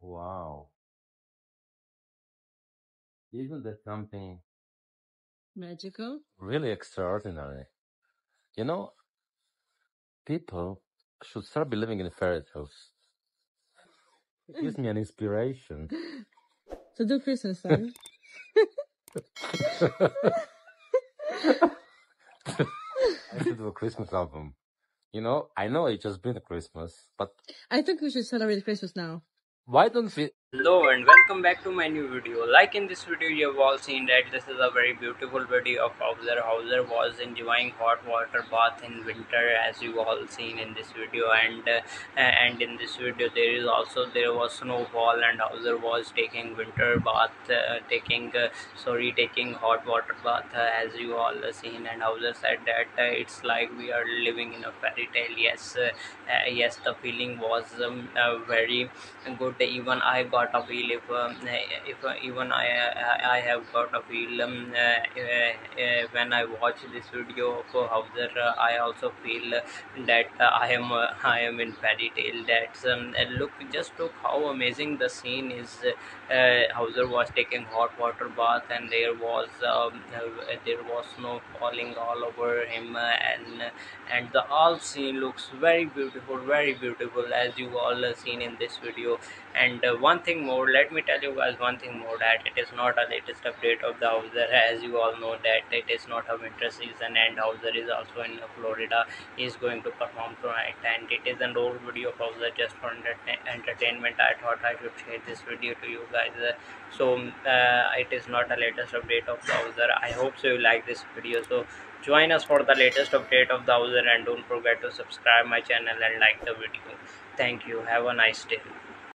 Wow. Isn't that something Magical? really extraordinary? You know, people should start believing in fairy tales. It gives me an inspiration. So do Christmas time. I should do a Christmas album. You know, I know it just been Christmas, but I think we should celebrate Christmas now why don't we hello and welcome back to my new video like in this video you have all seen that this is a very beautiful video of Hauser Hauser was enjoying hot water bath in winter as you all seen in this video and uh, and in this video there is also there was snowfall and Hauser was taking winter bath uh, taking uh, sorry taking hot water bath as you all seen and Hauser said that uh, it's like we are living in a fairy tale yes uh, uh, yes the feeling was um, very good even I got part of wheel if um, if uh, even I I have got a feel um, uh, uh, uh, when I watch this video of Hauser I also feel that I am I am in fairy tale That um, look just look how amazing the scene is Hauser was taking hot water bath and there was um, there was snow falling all over him and and the all scene looks very beautiful very beautiful as you all seen in this video and uh, one thing thing more let me tell you guys one thing more that it is not a latest update of the hauser as you all know that it is not a winter season and hauser is also in florida he is going to perform tonight and it is an old video of hauser just for entertainment i thought i should share this video to you guys so uh, it is not a latest update of the hauser i hope so you like this video so join us for the latest update of the hauser and don't forget to subscribe my channel and like the video thank you have a nice day